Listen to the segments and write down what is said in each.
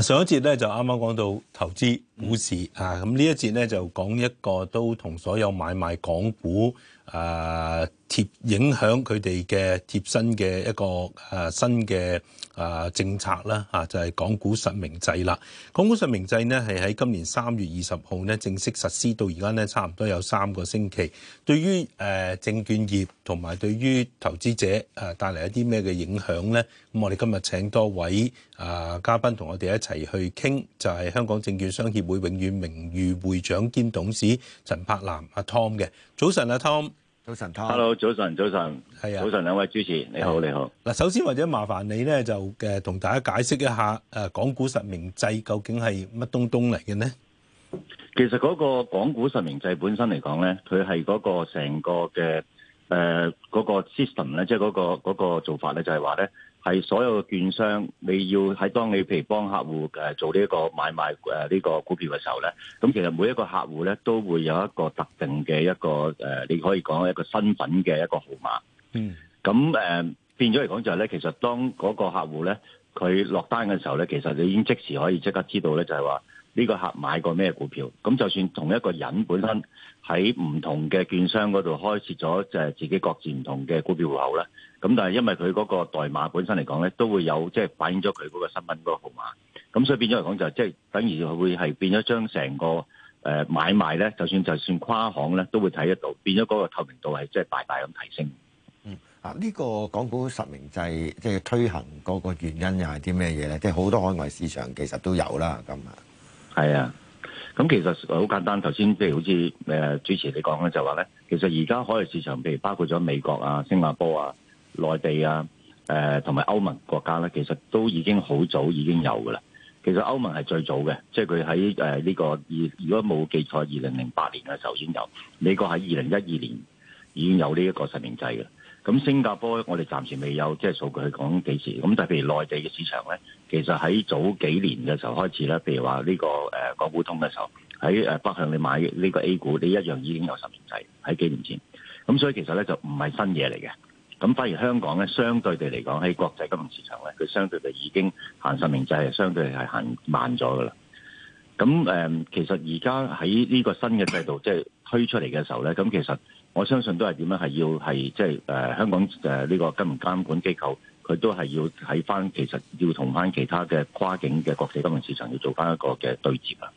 上一節呢就啱啱講到投資。股市啊，咁呢一節咧就講一個都同所有買賣港股誒貼、啊、影響佢哋嘅貼身嘅一個誒、啊、新嘅誒、啊、政策啦吓就係、是、港股實名制啦。港股實名制咧係喺今年三月二十號咧正式實施，到而家咧差唔多有三個星期。對於誒、啊、證券業同埋對於投資者誒帶嚟一啲咩嘅影響咧，咁我哋今日請多位誒、啊、嘉賓同我哋一齊去傾就係、是、香港證券商協。會永遠名譽會長兼董事陳柏楠阿 Tom 嘅，早晨啊 Tom，早晨 Tom，Hello，早晨早晨，係啊，早晨兩位主持，你好你好。嗱，首先或者麻煩你咧，就誒同大家解釋一下，誒，港股實名制究竟係乜東東嚟嘅呢？其實嗰個港股實名制本身嚟講咧，佢係嗰個成個嘅誒嗰個 system 咧，即係嗰個嗰個做法咧，就係話咧。係所有嘅券商，你要喺當你譬如幫客戶誒做呢一個買賣誒呢個股票嘅時候咧，咁其實每一個客戶咧都會有一個特定嘅一個誒，你可以講一個身份嘅一個號碼。嗯。咁誒、呃、變咗嚟講就係、是、咧，其實當嗰個客戶咧，佢落單嘅時候咧，其實你已經即時可以即刻知道咧，就係話呢個客買過咩股票。咁就算同一個人本身喺唔同嘅券商嗰度開設咗就係自己各自唔同嘅股票戶口咧。咁但係因為佢嗰個代碼本身嚟講咧，都會有即係、就是、反映咗佢嗰個新聞嗰個號碼。咁所以變咗嚟講就即、是、係等於會係變咗將成個誒買賣咧，就算就算跨行咧，都會睇得到，變咗嗰個透明度係即係大大咁提升。嗯，啊、這、呢個港股實名制即係、就是、推行嗰個原因又係啲咩嘢咧？即係好多海外市場其實都有啦，咁啊，係啊。咁其實好簡單，頭先譬如好似誒主持你講咧就話、是、咧，其實而家海外市場譬如包括咗美國啊、新加坡啊。內地啊，誒同埋歐盟國家咧，其實都已經好早已經有嘅啦。其實歐盟係最早嘅，即係佢喺誒呢個二，如果冇記錯，二零零八年嘅時候已經有。美國喺二零一二年已經有呢一個實名制嘅。咁新加坡我哋暫時未有即係數據去講幾時。咁但係譬如內地嘅市場咧，其實喺早幾年嘅時候開始啦，譬如話呢個誒港股通嘅時候，喺誒北向你買呢個 A 股，你一樣已經有實名制喺幾年前。咁所以其實咧就唔係新嘢嚟嘅。咁反而香港咧，相對地嚟講，喺國際金融市場咧，佢相對地已經行實名制，係相對係行慢咗噶啦。咁誒、呃，其實而家喺呢個新嘅制度即係推出嚟嘅時候咧，咁其實我相信都係點樣，係要係即係誒香港誒呢、呃這個金融監管機構，佢都係要睇翻其實要同翻其他嘅跨境嘅國際金融市場要做翻一個嘅對接啊。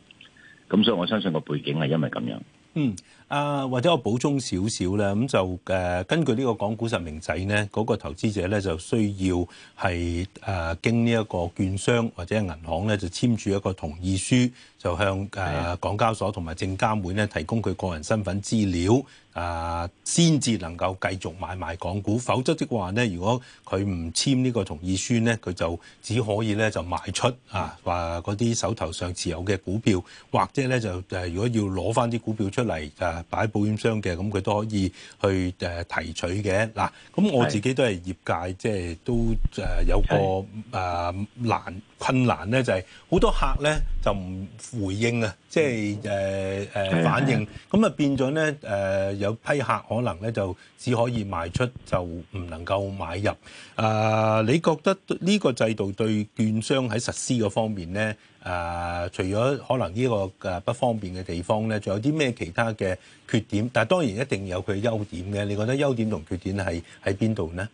咁所以我相信個背景係因為咁樣。嗯，啊或者我補充少少咧，咁就誒、啊、根據呢個港股實名制咧，嗰、那個投資者咧就需要係、啊、經呢一個券商或者銀行咧就簽署一個同意書，就向誒、啊、港交所同埋證監會咧提供佢個人身份資料。啊，先至能夠繼續買賣港股，否則嘅話咧，如果佢唔簽呢個同意書咧，佢就只可以咧就賣出啊，話嗰啲手頭上持有嘅股票，或者咧就誒如果要攞翻啲股票出嚟啊，擺保險箱嘅，咁佢都可以去、啊、提取嘅。嗱、啊，咁我自己都係業界，即係是都誒有個是啊難。困難咧就係好多客咧就唔回應啊，即係誒誒反應，咁啊變咗咧誒有批客可能咧就只可以賣出就唔能夠買入啊、呃，你覺得呢個制度對券商喺實施個方面咧啊、呃，除咗可能呢個不方便嘅地方咧，仲有啲咩其他嘅缺點？但係當然一定有佢嘅優點嘅，你覺得優點同缺點係喺邊度咧？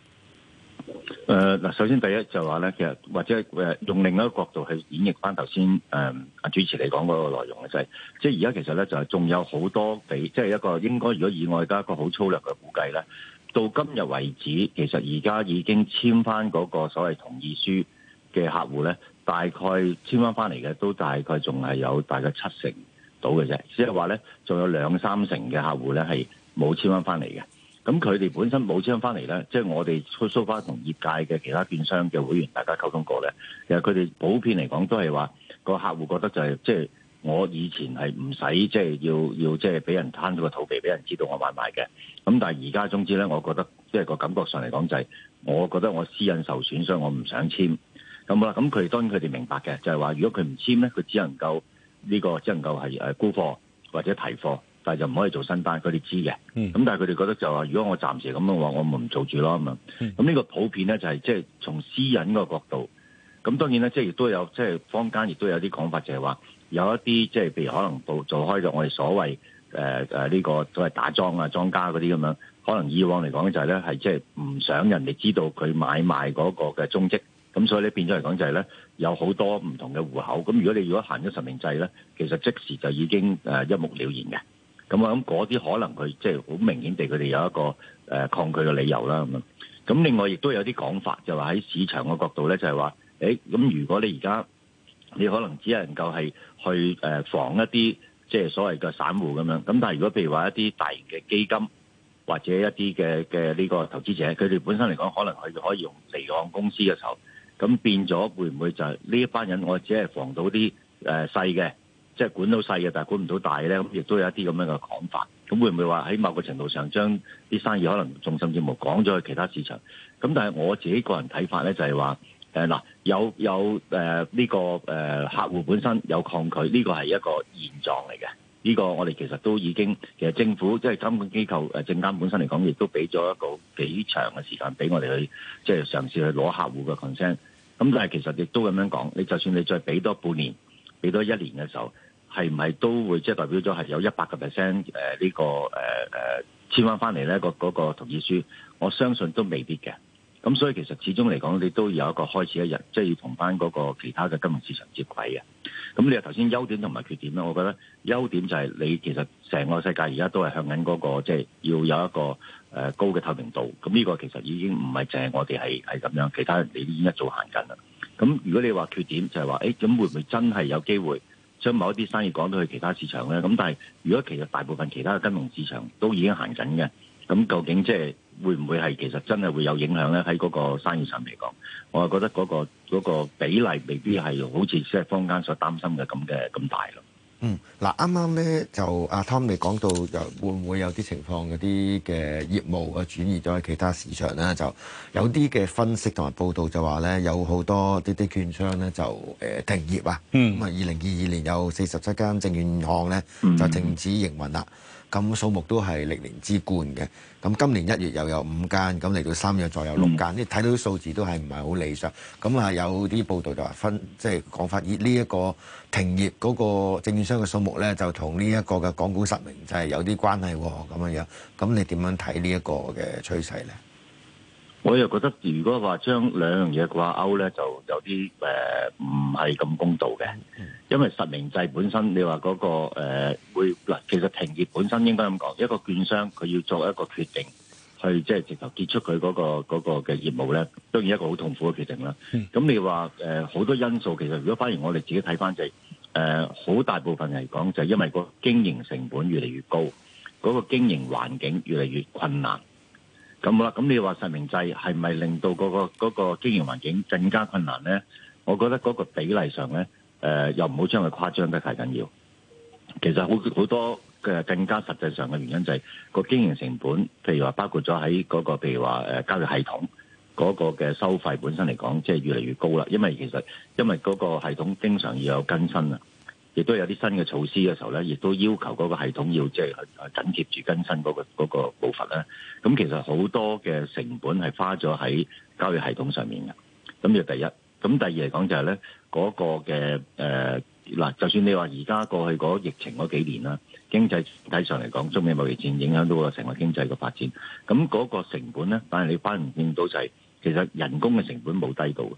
誒，嗱、呃，首先第一就話咧，其實或者誒，用另一個角度去演繹翻頭先誒，主持嚟講嗰個內容咧，就係、是、即係而家其實咧就仲有好多比，即係一個應該如果以外加一個好粗略嘅估計咧，到今日為止，其實而家已經簽翻嗰個所謂同意書嘅客戶咧，大概簽翻翻嚟嘅，都大概仲係有大概七成到嘅啫，即係話咧，仲有兩三成嘅客戶咧係冇簽翻翻嚟嘅。咁佢哋本身冇簽翻嚟咧，即係我哋 so far 同業界嘅其他券商嘅會員，大家溝通過咧，其實佢哋普遍嚟講都係話個客戶覺得就係即係我以前係唔使即係要要即係俾人攤到個肚皮俾人知道我買賣嘅。咁但係而家總之咧，我覺得即係個感覺上嚟講就係，我覺得我私隱受損傷，所以我唔想簽。咁啦，咁佢當然佢哋明白嘅，就係話如果佢唔簽咧，佢只能夠呢個只能夠係誒沽貨或者提貨。就唔可以做新單，佢哋知嘅。咁但係佢哋覺得就話，如果我暫時咁樣嘅話，我咪唔做住咯咁樣。咁呢個普遍咧就係即係從私隱個角度。咁當然咧，即係亦都有即係坊間亦都有啲講法就，就係話有一啲即係譬如可能做做開咗我哋所謂誒誒呢個所謂打莊啊莊家嗰啲咁樣，可能以往嚟講就係咧係即係唔想人哋知道佢買賣嗰個嘅蹤跡。咁所以咧變咗嚟講就係、係、咧有好多唔同嘅戶口。咁如果你如果行咗實名制咧，其實即時就已經誒一目了然嘅。咁我諗嗰啲可能佢即係好明顯地，佢哋有一個誒、呃、抗拒嘅理由啦。咁咁另外亦都有啲講法，就話、是、喺市場嘅角度咧，就係話，誒咁如果你而家你可能只能夠係去誒、呃、防一啲即係所謂嘅散戶咁樣。咁但係如果譬如話一啲大型嘅基金或者一啲嘅嘅呢個投資者，佢哋本身嚟講，可能佢可以用離岸公司嘅時候，咁變咗會唔會就係呢、是、一班人，我只係防到啲誒細嘅？即係管到細嘅，但係管唔到大咧，咁亦都有一啲咁樣嘅講法。咁會唔會話喺某個程度上將啲生意可能仲甚至乎講咗去其他市場？咁但係我自己個人睇法咧，就係話誒嗱，有有誒呢、呃呢個誒客戶本身有抗拒，呢個係一個現狀嚟嘅。呢、呢個我哋其實都已經其實政府即係、就是、監管機構誒證監本身嚟講，亦都俾咗一個幾長嘅時間俾我哋去即係、就是、嘗試去攞客戶嘅 consent。咁但係其實亦都咁樣講，你就算你再俾多半年，俾多一年嘅時候，係唔係都會即係代表咗係有一百個 percent 誒呢個誒誒簽翻翻嚟咧？個嗰個同意書，我相信都未必嘅。咁所以其實始終嚟講，你都有一個開始一日，即係要同翻嗰個其他嘅金融市場接軌嘅。咁你話頭先優點同埋缺點咧，我覺得優點就係你其實成個世界而家都係向緊嗰個，即係要有一個誒高嘅透明度。咁呢個其實已經唔係淨係我哋係係咁樣，其他人哋已經一早行緊啦。咁如果你話缺點就係話，咁、哎、會唔會真係有機會將某一啲生意講到去其他市場咧？咁但係如果其實大部分其他嘅金融市場都已經行緊嘅，咁究竟即係會唔會係其實真係會有影響咧？喺嗰個生意上嚟講，我覺得嗰個嗰個比例未必係好似即係坊間所擔心嘅咁嘅咁大咯。嗯，嗱啱啱咧就阿 Tom 未講到，就、啊、Tom，到會唔會有啲情況嗰啲嘅業務啊轉移咗去其他市場咧？就有啲嘅分析同埋報道就話咧，有好多啲啲券商咧就誒、呃、停業啊，咁啊二零二二年有四十七間證券行咧就停止營運啦。嗯嗯。咁數目都係歷年之冠嘅，咁今年一月又有五間，咁嚟到三月再有六間，啲睇、嗯、到啲數字都係唔係好理想。咁啊有啲報道就話分，即係講法以呢一個停業嗰個證券商嘅數目咧，就同呢一個嘅港股實名就係有啲關係咁樣樣。咁你點樣睇呢一個嘅趨勢咧？我又覺得，如果話將兩樣嘢掛鈎咧，就有啲誒唔係咁公道嘅。因為實名制本身，你話嗰、那個誒、呃、會嗱，其實停業本身應該咁講，一個券商佢要做一個決定，去即係直頭結束佢嗰、那個嗰嘅、那個、業務咧，當然一個好痛苦嘅決定啦。咁是的 你話誒好多因素，其實如果反而我哋自己睇翻就係、是、好、呃、大部分嚟講，就係、是、因為個經營成本越嚟越高，嗰、那個經營環境越嚟越困難。咁啦，咁你話實名制係咪令到嗰個嗰個經營環境更加困難咧？我覺得嗰個比例上咧，誒、呃、又唔好將佢誇張得太緊要。其實好好多嘅更加實際上嘅原因就係個經營成本，譬如話包括咗喺嗰個譬如話誒交易系統嗰個嘅收費本身嚟講，即係越嚟越高啦。因為其實因為嗰個系統經常要有更新啊。亦都有啲新嘅措施嘅時候咧，亦都要求嗰個系統要即係緊貼住更新嗰、嗰個嗰、嗰個步伐咧。咁其實好多嘅成本係花咗喺交易系統上面嘅。咁就第一，咁第二嚟講就係咧嗰個嘅誒嗱，就算你話而家過去嗰疫情嗰幾年啦，經濟整體上嚟講中美貿易戰影響到個成個經濟嘅發展，咁、嗰、嗰個成本咧，但係你反唔見到就係、係、其實人工嘅成本冇低到嘅。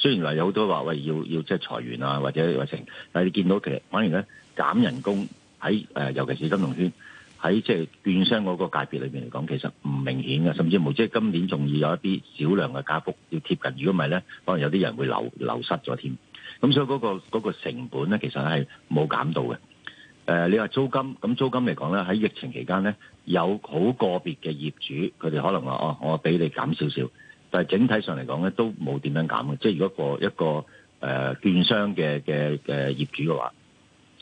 雖然話有好多話喂，要要即係裁員啊，或者疫情，但係你見到其實反而咧減人工喺誒，尤其是金融圈喺即係券商嗰個界別裏面嚟講，其實唔明顯嘅，甚至冇即係今年仲要有一啲少量嘅加幅要貼近，如果唔係咧，可能有啲人會流流失咗添。咁所以嗰、那個嗰、那個成本咧，其實係冇減到嘅。誒、呃，你話租金咁租金嚟講咧，喺疫情期間咧，有好個別嘅業主，佢哋可能話哦，我俾你減少少。但係整體上嚟講咧，都冇點樣減嘅。即係如果個一個誒、呃、券商嘅嘅嘅業主嘅話，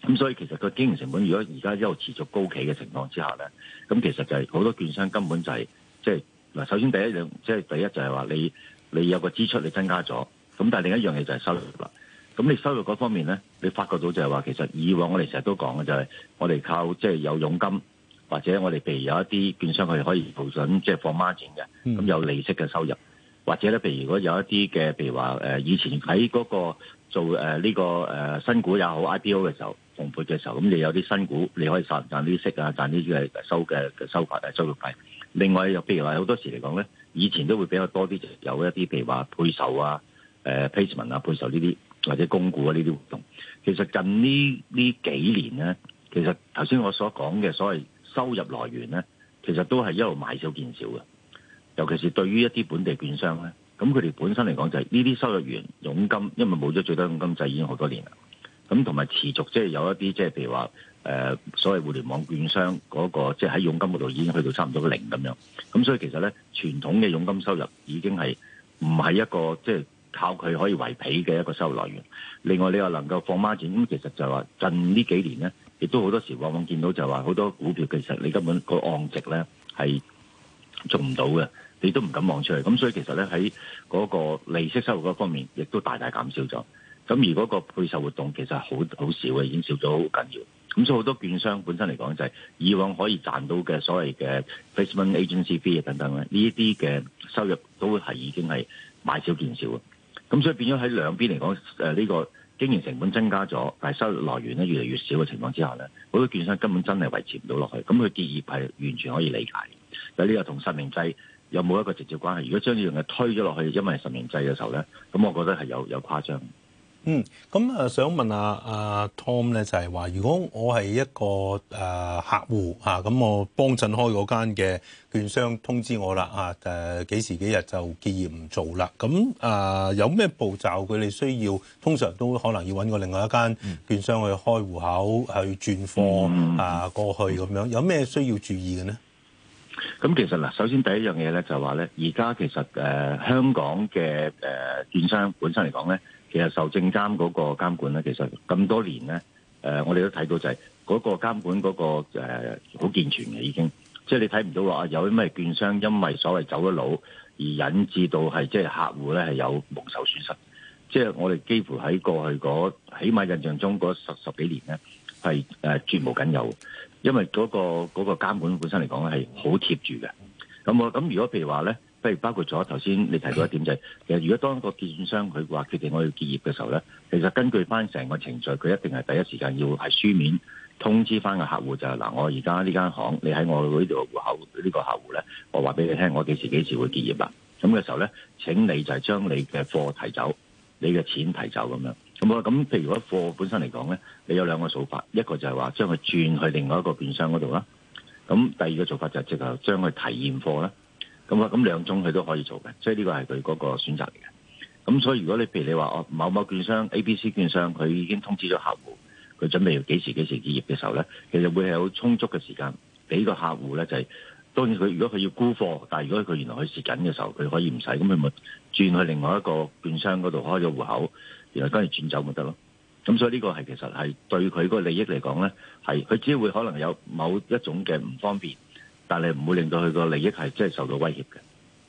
咁所以其實個經營成本，如果而家一路持續高企嘅情況之下咧，咁其實就係好多券商根本就係、是、即係嗱。首先第一樣，即係第一就係話你你有個支出你增加咗，咁但係另一樣嘢就係收入啦。咁你收入嗰方面咧，你發覺到就係話，其實以往我哋成日都講嘅就係我哋靠即係有佣金，或者我哋譬如有一啲券商佢哋可以附上即係放孖展嘅，咁有利息嘅收入。或者咧，譬如如果有一啲嘅，譬如話誒、呃，以前喺嗰個做誒呢、呃這個誒、呃、新股也好 IPO 嘅時候，蓬勃嘅時候，咁、嗯、你有啲新股你可以賺賺啲息啊，賺啲嘅收嘅嘅、啊、收發、啊、收入費。另外又譬如話好多時嚟講咧，以前都會比較多啲，就有一啲譬如話配售啊，誒、呃、placement 啊，配售呢啲或者供股啊呢啲活動。其實近呢呢幾年咧，其實頭先我所講嘅所謂收入來源咧，其實都係一路買少見少嘅。尤其是對於一啲本地券商咧，咁佢哋本身嚟講就係呢啲收入源佣金，因為冇咗最低佣金制已經好多年啦。咁同埋持續即係有一啲即係譬如話誒、呃，所謂互聯網券商嗰、那個即係喺佣金嗰度已經去到差唔多零咁樣。咁所以其實咧，傳統嘅佣金收入已經係唔係一個即係、就是、靠佢可以維繫嘅一個收入來源。另外你又能夠放孖展，咁其實就係話近呢幾年咧，亦都好多時候往往見到就係話好多股票其實你根本個按值咧係做唔到嘅。你都唔敢望出去，咁所以其實咧喺嗰個利息收入嗰方面，亦都大大減少咗。咁而嗰個配售活動其實好好少嘅，已經少咗好緊要。咁所以好多券商本身嚟講，就係以往可以賺到嘅所謂嘅 placement agency fee 等等咧，呢一啲嘅收入都係已經係買少見少。咁所以變咗喺兩邊嚟講，誒呢個經營成本增加咗，但係收入來源咧越嚟越少嘅情況之下咧，好多券商根本真係維持唔到落去，咁佢結業係完全可以理解。但呢個同實名制，有冇一個直接關係？如果將呢樣嘢推咗落去，因為實名制嘅時候咧，咁我覺得係有有誇張。嗯，咁啊，想問下阿、啊、Tom 咧，就係、是、話，如果我係一個誒、啊、客戶吓，咁、啊、我幫襯開嗰間嘅券商通知我啦，啊誒、啊、幾時幾日就結業唔做啦。咁啊，啊，啊，有咩步驟佢哋需要？通常都可能要揾個另外一間券商去開戶口、嗯、去轉貨啊、嗯、啊過去咁樣，有咩需要注意嘅呢？咁其實嗱，首先第一樣嘢咧，就係話咧，而家其實誒、呃、香港嘅誒、呃、券商本身嚟講咧，其實受證監嗰個監管咧，其實咁多年咧，誒、呃、我哋都睇到就係嗰個監管嗰、那個誒好、呃、健全嘅，已經即係、就是、你睇唔到話有咩券商因為所謂走咗佬而引致到係即係客戶咧係有蒙受損失，即、就、係、是、我哋幾乎喺過去嗰起碼印象中嗰十十幾年咧係誒絕無僅有。因為嗰、那個嗰、那個監管本身嚟講係好貼住嘅，咁我咁如果譬如話咧，不如包括咗頭先你提到一點就係、是，其實如果當一個券商佢話決定我要結業嘅時候咧，其實根據翻成個程序，佢一定係第一時間要係書面通知翻個客戶就係、是、嗱，我而家呢間行，你喺我呢度戶口呢個客戶咧、這個，我話俾你聽，我幾時幾時會結業啦。咁嘅時候咧，請你就係將你嘅貨提走，你嘅錢提走咁樣。咁啊，咁譬如如果貨本身嚟講咧，你有兩個做法，一個就係話將佢轉去另外一個券商嗰度啦。咁第二個做法就係直頭將佢提現貨啦。咁啊，咁兩種佢都可以做嘅，即係呢個係佢嗰個選擇嚟嘅。咁所以如果你譬如你話哦，某某券商 A、B、C 券商，佢已經通知咗客戶，佢準備要幾時幾時結業嘅時候咧，其實會係好充足嘅時間俾個客戶咧，就係、是、當然佢如果佢要沽貨，但係如果佢原來佢蝕緊嘅時候，佢可以唔使咁佢咪轉去另外一個券商嗰度開咗戶口。原來跟住轉走咪得咯，咁所以呢個係其實係對佢嗰個利益嚟講咧，係佢只會可能有某一種嘅唔方便，但係唔會令到佢個利益係真係受到威脅嘅。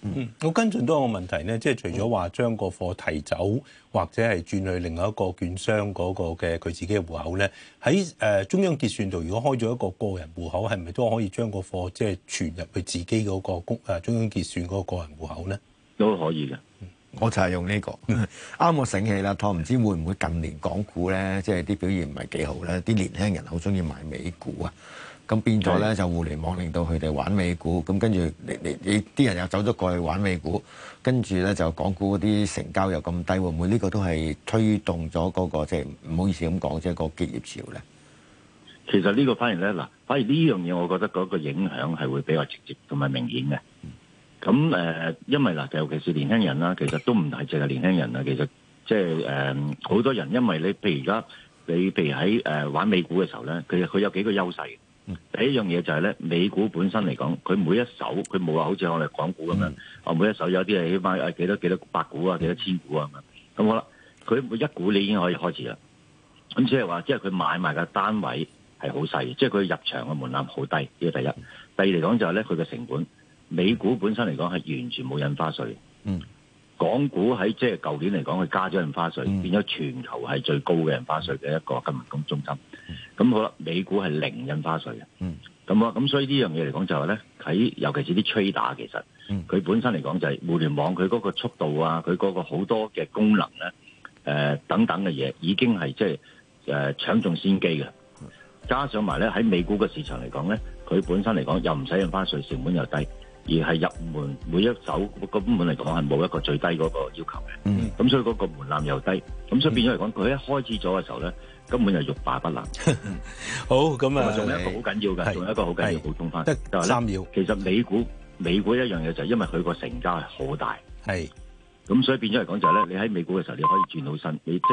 嗯，我跟進都有個問題咧，即係除咗話將個貨提走或者係轉去另外一個券商嗰個嘅佢自己嘅戶口咧，喺誒中央結算度如果開咗一個個人戶口，係咪都可以將個貨即係存入去自己嗰、嗰個公誒中央結算嗰個個人戶口咧？都可以嘅。我就係用呢個啱。 我醒起啦，我唔知會唔會近年港股咧，即係啲表現唔係幾好咧，啲年輕人好中意買美股啊，咁變咗咧就互聯網令到佢哋玩美股，咁跟住你你你啲人又走咗過去玩美股，跟住咧就港股嗰啲成交又咁低，會唔會呢個都係推動咗嗰個即係唔好意思咁講，即係個結業潮咧？其實呢個反而咧，嗱，反而呢樣嘢，我覺得嗰個影響係會比較直接同埋明顯嘅。咁誒、嗯，因為嗱，尤其是年輕人啦，其實都唔係淨係年輕人啦，其實即係誒，好、嗯、多人，因為你，譬如而家，你譬如喺誒玩美股嘅時候咧，佢佢有幾個優勢。第一樣嘢就係、是、咧，美股本身嚟講，佢每一手佢冇話好似我哋港股咁樣，我每一手有啲係起碼誒幾多幾多百股啊，幾多千股啊咁。咁好啦，佢每一股你已經可以開始啦。咁即係話，即係佢買賣嘅單位係好細，即係佢入場嘅門檻好低。呢個第一。第二嚟講就係咧，佢嘅成本。美股本身嚟講係完全冇印花稅，嗯，港股喺即係舊年嚟講佢加咗印花稅，嗯、變咗全球係最高嘅印花稅嘅一個金融中心。咁、嗯、好啦，美股係零印花稅嘅，嗯，咁啊，咁所以呢樣嘢嚟講就係、是、咧，喺尤其是啲 trader，其實，佢、嗯、本身嚟講就係互聯網，佢嗰個速度啊，佢嗰個好多嘅功能咧、啊，誒、呃，等等嘅嘢，已經係即係誒搶中先機嘅，加上埋咧喺美股嘅市場嚟講咧，佢本身嚟講又唔使印花稅，成本又低。而係入門每一手根本嚟講，係冇一個最低嗰個要求嘅。嗯，咁所以嗰個門檻又低，咁所以變咗嚟講，佢一開始咗嘅時候咧，根本就欲罷不能。好，咁啊，仲有一個好緊要嘅，仲有一個好緊要補充翻，就係咧，其實美股美股一樣嘢就係因為佢個成交係好大，係，咁所以變咗嚟講就係咧，你喺美股嘅時候你可以轉到身，你。